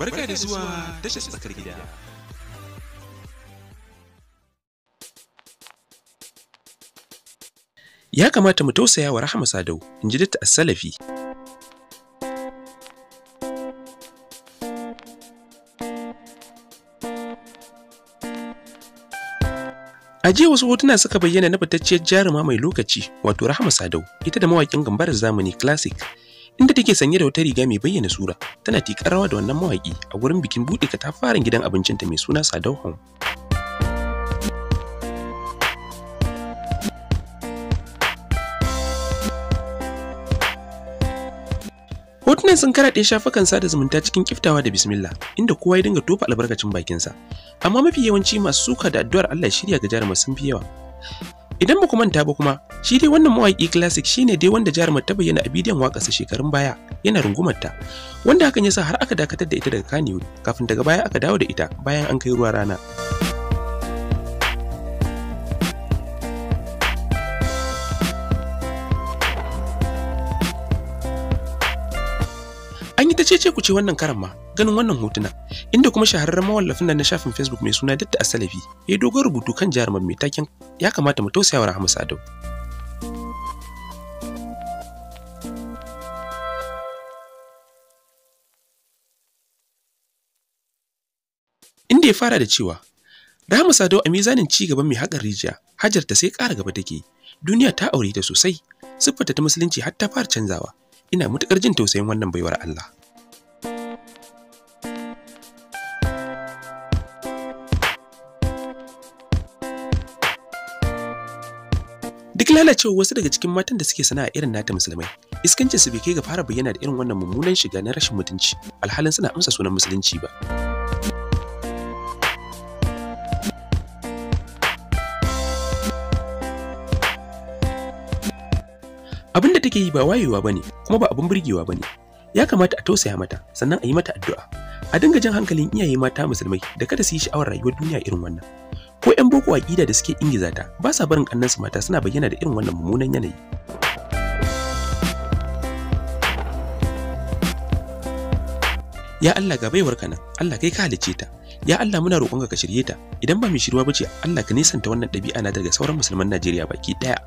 Barka da zuwa tashar tsakar gida. Ya kamata mu tausaya wa Rahama Sadau, in ji datta salafi. A jiya wasu hotuna suka bayyana na fitacciyar jaruma mai lokaci, wato Rahama Sadau, ita da mawakin gambarar zamani Classic, inda take sanye da wata riga mai bayyana sura tana tikar rawa da wannan mawaki a gurin bikin buɗe tafarin gidan abincinta mai suna Sadau Home. Hotunan sun karaɗe shafukan sada zumunta cikin kiftawa da bismillah, inda kowa ya dinga tofa albarkacin bakinsa. Amma mafi yawanci masu suka da addu'ar Allah shirya ga jarumar sun fi yawa. Idan ba ku manta ba kuma, Shi dai wannan mawaƙi classic shine dai wanda jarumar ta bayyana a bidiyon sa shekarun baya yana rungumar ta, wanda hakan yasa har aka dakatar da ita daga Kannywood kafin daga baya aka dawo da ita bayan an kai ruwa rana. An yi ta cece ku ce wannan karan ma ganin wannan hotuna inda kuma shahararren mawallafin nan na shafin Facebook mai suna Datta Asalafi ya dogon rubutu kan jarumar mai taken ya kamata mu tausayawa Rahama Sadau. inda ya fara da cewa Ramu Sadau a mizanin ci gaban mai haƙar rijiya, Hajar ta sai ƙara gaba take. Duniya ta aure ta sosai, siffarta ta musulunci har ta fara canzawa. Ina matuƙar jin tausayin wannan baiwar Allah. Duk lalacewa wasu daga cikin matan da suke sana'a irin nata musulmai, iskancin su bai kai ga fara bayyana da irin wannan mummunan shiga na rashin mutunci, alhalin suna amsa sunan musulunci ba. abin da take yi ba wayewa ba ne kuma ba abin burgewa ba ne ya kamata a tausaya mata sannan a yi mata addu'a a dinga jan hankalin iyaye mata musulmai da kada su yi sha'awar rayuwar duniya irin wannan ko 'yan boko aƙida da suke ingiza ta ba sa barin kannansu mata suna bayyana da irin wannan mummunan yanayi ya Allah ga baiwar ka nan Allah kai ka halicce ta ya Allah muna roƙonka ka shirye ta idan ba mai shirwa bace Allah ka nisanta wannan ɗabi'a na daga sauran musulman Najeriya baki ɗaya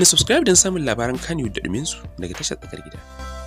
da subscribe don samun labaran kanu da su daga tashar tsakar gida.